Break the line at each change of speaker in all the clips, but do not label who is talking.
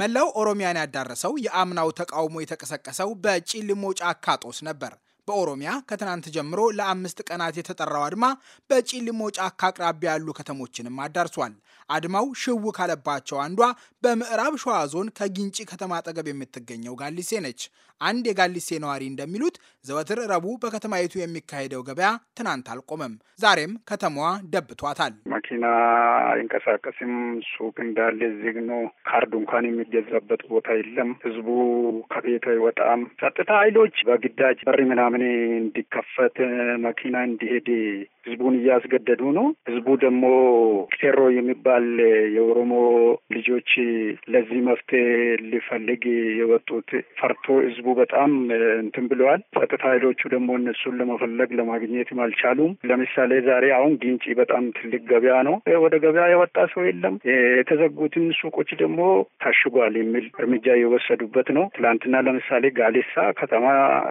መላው ኦሮሚያን ያዳረሰው የአምናው ተቃውሞ የተቀሰቀሰው በጭልሞ ጫካ ጦስ ነበር። በኦሮሚያ ከትናንት ጀምሮ ለአምስት ቀናት የተጠራው አድማ በጪልሞ ጫካ አቅራቢያ ያሉ ከተሞችንም አዳርሷል። አድማው ሽው ካለባቸው አንዷ በምዕራብ ሸዋ ዞን ከጊንጪ ከተማ አጠገብ የምትገኘው ጋሊሴ ነች። አንድ የጋሊሴ ነዋሪ እንደሚሉት ዘወትር ረቡዕ በከተማይቱ የሚካሄደው ገበያ ትናንት አልቆመም። ዛሬም ከተማዋ ደብቷታል።
መኪና አይንቀሳቀስም። ሱቅ እንዳለ ዝግ ነው። ካርድ እንኳን የሚገዛበት ቦታ የለም። ህዝቡ ከቤት አይወጣም። ጸጥታ ኃይሎች በግዳጅ በር ምናምን ጀርመኒ እንዲከፈት መኪና እንዲሄድ ህዝቡን እያስገደዱ ነው። ህዝቡ ደግሞ ቄሮ የሚባል የኦሮሞ ልጆች ለዚህ መፍትሄ ሊፈልግ የወጡት ፈርቶ ህዝቡ በጣም እንትን ብለዋል። ጸጥታ ኃይሎቹ ደግሞ እነሱን ለመፈለግ ለማግኘትም አልቻሉም። ለምሳሌ ዛሬ አሁን ግንጪ በጣም ትልቅ ገበያ ነው። ወደ ገበያ የወጣ ሰው የለም። የተዘጉትን ሱቆች ደግሞ ታሽጓል የሚል እርምጃ የወሰዱበት ነው። ትላንትና ለምሳሌ ጋሌሳ ከተማ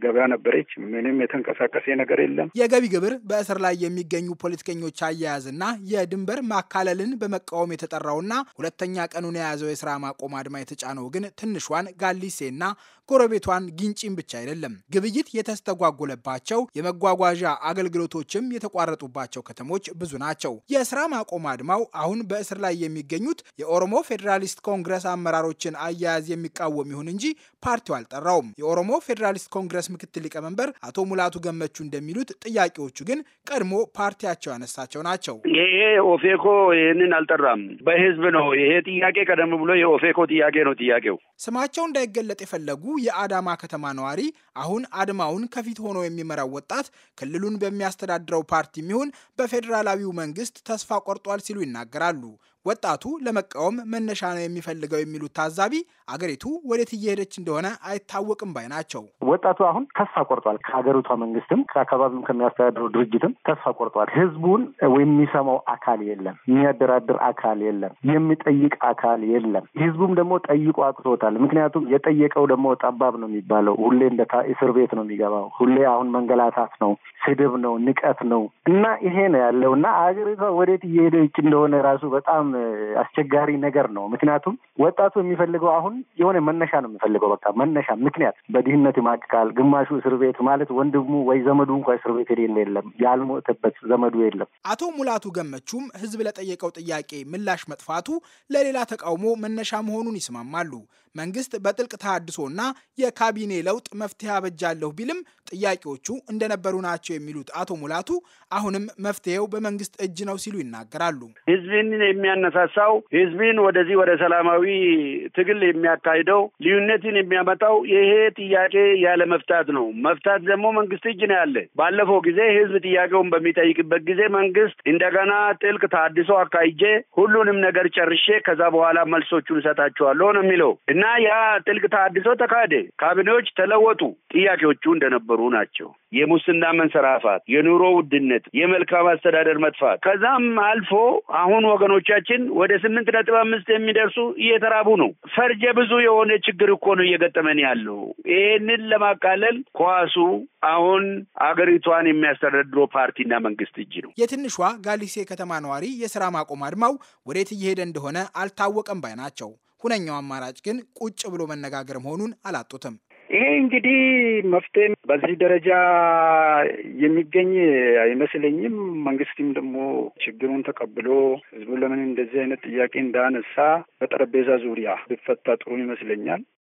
ገበያ ነበረች። ምንም የተንቀሳቀሰ ነገር የለም።
የገቢ ግብር በእስር ላይ የሚ የሚገኙ ፖለቲከኞች አያያዝና የድንበር ማካለልን በመቃወም የተጠራውና ሁለተኛ ቀኑን የያዘው የስራ ማቆም አድማ የተጫነው ግን ትንሿን ጋሊሴና ጎረቤቷን ግንጪን ብቻ አይደለም። ግብይት የተስተጓጎለባቸው የመጓጓዣ አገልግሎቶችም የተቋረጡባቸው ከተሞች ብዙ ናቸው። የስራ ማቆም አድማው አሁን በእስር ላይ የሚገኙት የኦሮሞ ፌዴራሊስት ኮንግረስ አመራሮችን አያያዝ የሚቃወም ይሁን እንጂ ፓርቲው አልጠራውም። የኦሮሞ ፌዴራሊስት ኮንግረስ ምክትል ሊቀመንበር አቶ ሙላቱ ገመቹ እንደሚሉት ጥያቄዎቹ ግን ቀድሞ ፓርቲያቸው ያነሳቸው ናቸው። ይሄ
ኦፌኮ ይህንን አልጠራም፣ በህዝብ ነው። ይሄ ጥያቄ ቀደም ብሎ የኦፌኮ ጥያቄ ነው። ጥያቄው
ስማቸው እንዳይገለጥ የፈለጉ የአዳማ ከተማ ነዋሪ አሁን አድማውን ከፊት ሆኖ የሚመራው ወጣት ክልሉን በሚያስተዳድረው ፓርቲ የሚሆን በፌዴራላዊው መንግስት ተስፋ ቆርጧል ሲሉ ይናገራሉ። ወጣቱ ለመቃወም መነሻ ነው የሚፈልገው የሚሉት ታዛቢ አገሪቱ ወዴት እየሄደች እንደሆነ አይታወቅም ባይ ናቸው።
ወጣቱ አሁን ተስፋ ቆርጧል። ከሀገሪቷ መንግስትም ከአካባቢውም ከሚያስተዳድሩ ድርጅትም ተስፋ ቆርጧል። ህዝቡን የሚሰማው አካል የለም፣ የሚያደራድር አካል የለም፣ የሚጠይቅ አካል የለም። ህዝቡም ደግሞ ጠይቆ አቅቶታል። ምክንያቱም የጠየቀው ደግሞ ጠባብ ነው የሚባለው ሁሌ እንደ እስር ቤት ነው የሚገባው። ሁሌ አሁን መንገላታት ነው፣ ስድብ ነው፣ ንቀት ነው እና ይሄ ነው ያለው እና አገሪቷ ወዴት እየሄደች እንደሆነ ራሱ በጣም አስቸጋሪ ነገር ነው። ምክንያቱም ወጣቱ የሚፈልገው አሁን የሆነ መነሻ ነው የሚፈልገው። በቃ መነሻ ምክንያት በድህነት ይማቅቃል። ግማሹ እስር ቤት ማለት ወንድሙ ወይ ዘመዱ እንኳ እስር ቤት የሌለ የለም፣ ያልሞተበት ዘመዱ የለም።
አቶ ሙላቱ ገመቹም ህዝብ ለጠየቀው ጥያቄ ምላሽ መጥፋቱ ለሌላ ተቃውሞ መነሻ መሆኑን ይስማማሉ። መንግስት በጥልቅ ተሃድሶና የካቢኔ ለውጥ መፍትሄ አበጃለሁ ቢልም ጥያቄዎቹ እንደነበሩ ናቸው የሚሉት አቶ ሙላቱ አሁንም መፍትሄው በመንግስት እጅ ነው ሲሉ ይናገራሉ።
ህዝብን የሚያና የሚያነሳሳው ህዝብን ወደዚህ ወደ ሰላማዊ ትግል የሚያካሂደው ልዩነትን የሚያመጣው ይሄ ጥያቄ ያለ መፍታት ነው። መፍታት ደግሞ መንግስት እጅ ነው ያለ። ባለፈው ጊዜ ህዝብ ጥያቄውን በሚጠይቅበት ጊዜ መንግስት እንደገና ጥልቅ ታድሶ አካሂጄ ሁሉንም ነገር ጨርሼ ከዛ በኋላ መልሶቹን እሰጣችኋለሁ ነው የሚለው እና ያ ጥልቅ ታድሶ ተካሄደ። ካቢኔዎች ተለወጡ። ጥያቄዎቹ እንደነበሩ ናቸው። የሙስና መንሰራፋት፣ የኑሮ ውድነት፣ የመልካም አስተዳደር መጥፋት ከዛም አልፎ አሁን ወገኖቻችን ሰዎችን ወደ ስምንት ነጥብ አምስት የሚደርሱ እየተራቡ ነው። ፈርጀ ብዙ የሆነ ችግር እኮ ነው እየገጠመን ያለው። ይሄንን ለማቃለል ኳሱ አሁን አገሪቷን የሚያስተዳድረው ፓርቲና መንግስት እጅ ነው።
የትንሿ ጋሊሴ ከተማ ነዋሪ የስራ ማቆም አድማው ወዴት እየሄደ እንደሆነ አልታወቀም ባይ ናቸው። ሁነኛው አማራጭ ግን ቁጭ ብሎ መነጋገር መሆኑን አላጡትም።
ይሄ እንግዲህ መፍትሄ በዚህ ደረጃ የሚገኝ አይመስለኝም። መንግስትም ደግሞ ችግሩን ተቀብሎ ህዝቡ ለምን እንደዚህ አይነት ጥያቄ እንዳነሳ በጠረጴዛ ዙሪያ ቢፈታ ጥሩ ይመስለኛል።